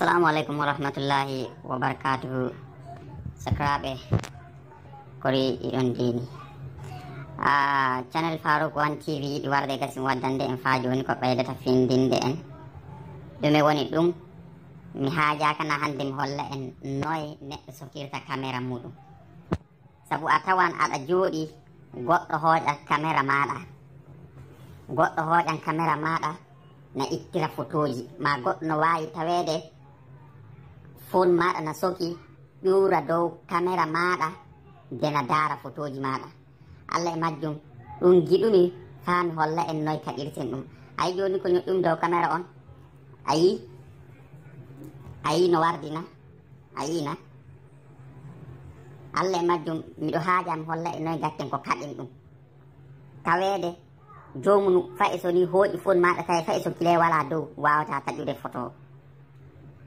assalamu aleykum wa rahmatullahi wa barakatuhu sakiraɓe kori iɗon e dini channel farouk wan tv yiɗi warde gasin waddande en faa joni ko ɓeydata findinde en ɗume woni ɗum mi haajakana hannde mi holla en noye neɗɗo sokirta caméra muɗum sabu a tawan aɗa jooɗi goɗɗo hooƴa caméra maɗa goɗɗo hooƴan caméra maɗa na ittira photoji ma goɗɗo no waawi taweede phone maɗa na soki ƴuura dow camera maɗa dena daara photoji maɗa allah e majjum ɗum giɗumi faa mi holla en noy kaɗirten ɗum ayi joni ko ñoɗɗum dow camera on ayi ayi no wardi na ayi na allah e majjum miɗo haaja mi holla e noy gatten ko kaɗen ɗum taweede jomunu fa e so ni hooƴi fon maɗa tawi fa e so kile wala dow wawata taƴude photo o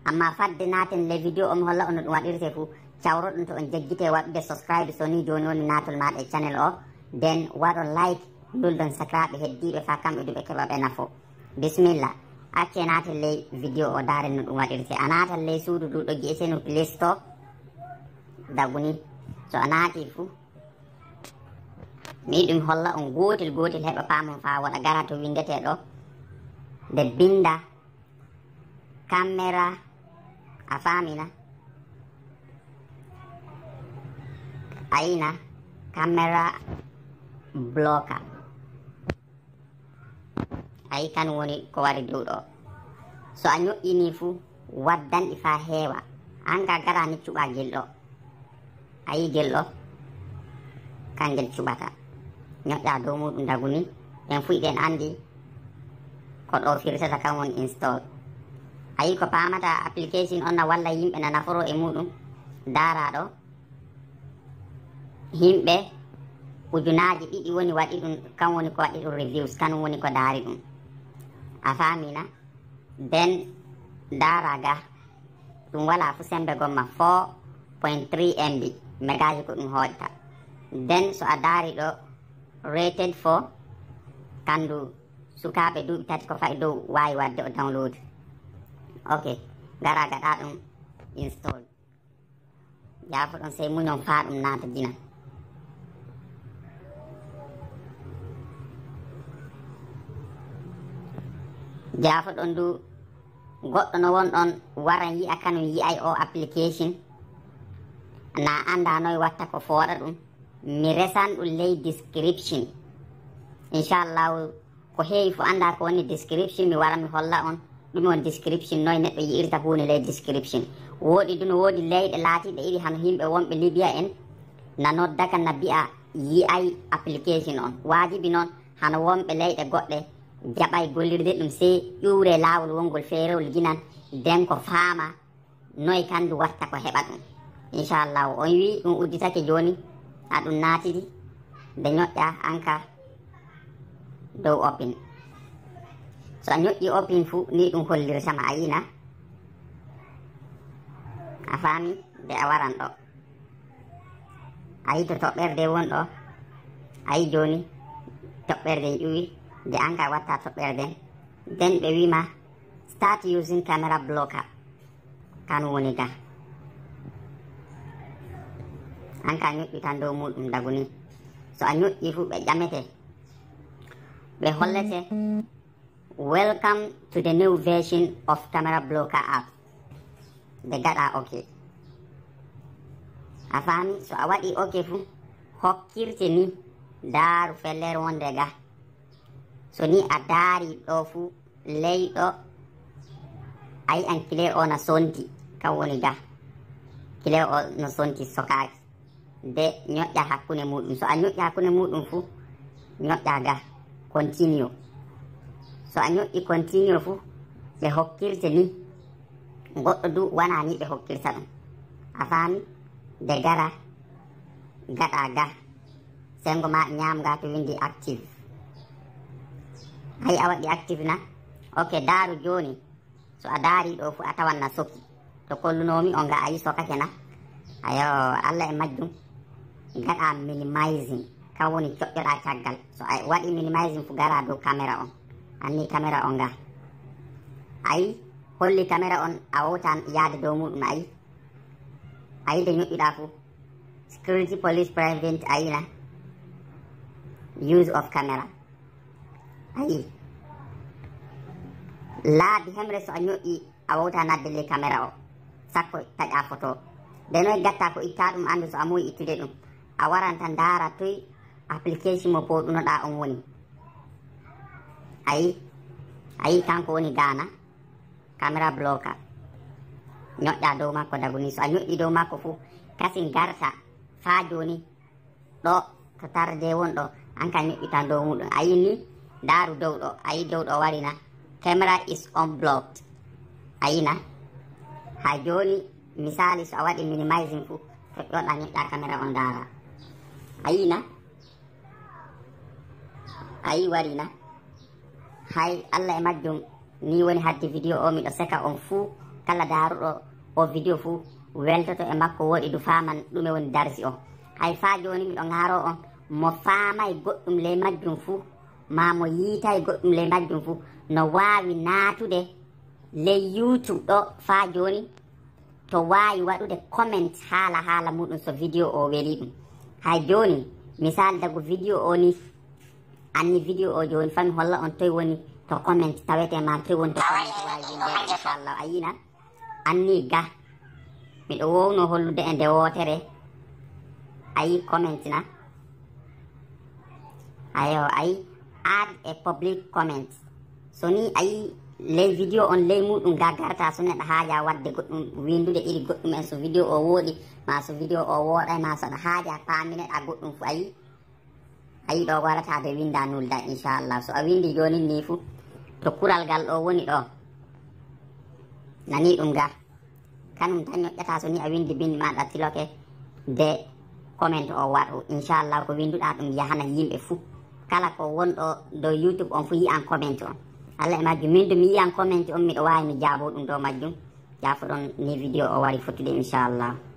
amma fadde naten le vidéo omi holla ono ɗum waɗirte fou cawro ɗum to on jaggite waɗude subscribe so ni joni woni natol maɗa e channel o nden waɗo like lullon sakiraɓe heddiɓe fa kamɓe ɗuɓe keɓaɓe nafo bisimilla acce natal ley vidéo o daren no ɗum waɗirte a natal ley suudu ɗu ɗo gue seno plisto daguni so a naati fu mi yiɗum holla on gotel gotel heɓa pamon fa waɗa gara to windeteɗo nde binda caméra أفامنا أين كاميرا بلوكا أي كان وني كواري duro. so anyo inifu waddan ifa hewa an ka gara ni gelo gello ayi gello kangel cubata ta. dow muɗum daguni fu iɗen andi Kod ɗo firsata kam woni install ayi ko pamata application onna walla yimɓe na nafuro e muɗum daraɗo yimɓe ujunaji ɗiɗi woni waɗi ɗum kan woni ko waɗi ɗum reviews kan woni ko daari ɗum a famina den dara ga ɗum wala fu sembe gomma 4 point 3 mb megaji ko ɗum hoƴta den so a daari ɗo rated fo kandu sukaɓe duuɓi tati ko fayi dow wawi wadde o download ok ngara gaɗa ɗum install yafo ɗon sey muñon fa ɗum nata dina jafo ɗon du goɗɗo no won ɗon wara yi'a kano yi'ay o application na annda noy watta ko fooɗa ɗum mi resan ɗum ley description inchallahu ko heewi fo annda ko woni description mi wara mi holla on ɗum on description noy neɗɗo yiirta hunde ley description woɗi ɗum woodi leyɗe laatiɗe iɗi hano himɓe wonɓe libiya en na noddaka na mbiya yi ay application on wajibi noon hano wonɓe leyɗe goɗɗe jaɓay gollirde ɗum sey ƴuwre laawol wongol feerewol ginan nden ko faama noyi kandu watta ko heɓa ɗum inchallahu on wi ɗum udditake jooni ha ɗum naatiɗi nde ñoƴƴa anka dow opin so a ñoƴƴi opin fuu ni ɗum hollirtama a yina a faami de a waran ɗo a yi to toɓɓerde won ɗo a yi jooni toɓɓerde n ƴuwi de anka watta toɓɓerde den ɓe wima start usin camera bloka kan woni da anka ñoƴƴi tan dow muɗum dagu ni so a ñoƴƴi fuu ɓe ƴamete ɓe hollete Welcome to the new version of Camera Blocker app. The data are okay. A so a waɗi okay fu Hokir ni daaru fellere wonde daga. so ni adari daari ɗo fu leyɗo a yi'an clear o no sonti kan woni ga clear o no sonti sokaaki de ñoƴƴa hakkunde muɗum so a ñoƴƴa hakkunde muɗum fu ñoƴƴa ga continue so a ñoƴƴi continue fuu ɓe hokkirte ni goɗɗo du wanani ɓe hokkirta ɗum a faami de gara gaɗa ga sengo ma ñamga to windi active hay a waɗi active na ok daaru joni so a daari ɗo fu a tawanna soki to kollunomi o ga ayi sokake na ayo allah e majjum gaɗa minimising kawoni coƴƴoɗa caggal so a waɗi minimising fu gara dow caméra on anni camera on nga ayi holli camera on a wowtan yaade dow muɗum ayi ayi nde ñuɗɗiɗa fu security police prevent ayina use of camera ayi laabi hemre so a ñoƴƴi a wowta nadde le camera o sappo taƴa photo denoy gatta ko itta ɗum andu so a muyi ittude ɗum a waranta ndaara toye application mo boɗunoɗa on woni ayi ayi kanko woni dana caméra bloka ñoƴƴa dow makko daguni so a ñoƴƴi dow makko fou kasin garta faa joni ɗo to tarde won ɗo anka ñoƴƴitan dow muɗum ayi ni daaru dow ɗo ayi dow ɗo warina caméra is on blocked ayina ha joni misali so a waɗi minimising fou to ƴoɗa ñoƴƴa caméra on daara ayina ayi warina hay allah e majjum ni woni haddi vidéo o miɗo seka on fuu kala daruɗo o vidéo fuu weltoto e makko woɗi du faman ɗume woni darsi o hay fa joni miɗo garo on mo faamay goɗɗum ley majjum fuu ma mo yiitay goɗɗum ley majjum fuu no wawi naatude ley youtube ɗo fa joni to wawi waɗude comment haala haala muɗum so vidéo o weli ɗum hay joni misal dago vidéo o ni anni vidéo o joni fami holla on toye woni to comment tawete ma toye woni toinchallah a yiinan anni ga miɗo wowno hollude e nde wootere ayi comment na ayo ayi ad e public comment soni ayi ley vidéo on ley muɗum ga garta so neɗɗo haaja wadde goɗɗum windude iri goɗɗum en so vidéo o wooɗi ma so vidéo o wooɗay ma so aɗa haaja paminen a goɗɗum fo ayi ayi ɗo warata de winda nulda inchallah so a windi joni ni fu to kural gal ɗo woni ɗo nani ɗum ga kanum tan ñoƴƴata so ni a windi bin maɗa tiloke de comment o waɗu inchallah ko winduɗa ɗum yahana yimɓe fu kala ko wonɗo do youtube on fu yiyan comment on allah e majjum min du mi yiyan comment on miɗo wawi mi jaabo ɗum ɗo majjum jafoɗon ni vidéo o wari fottude inchallah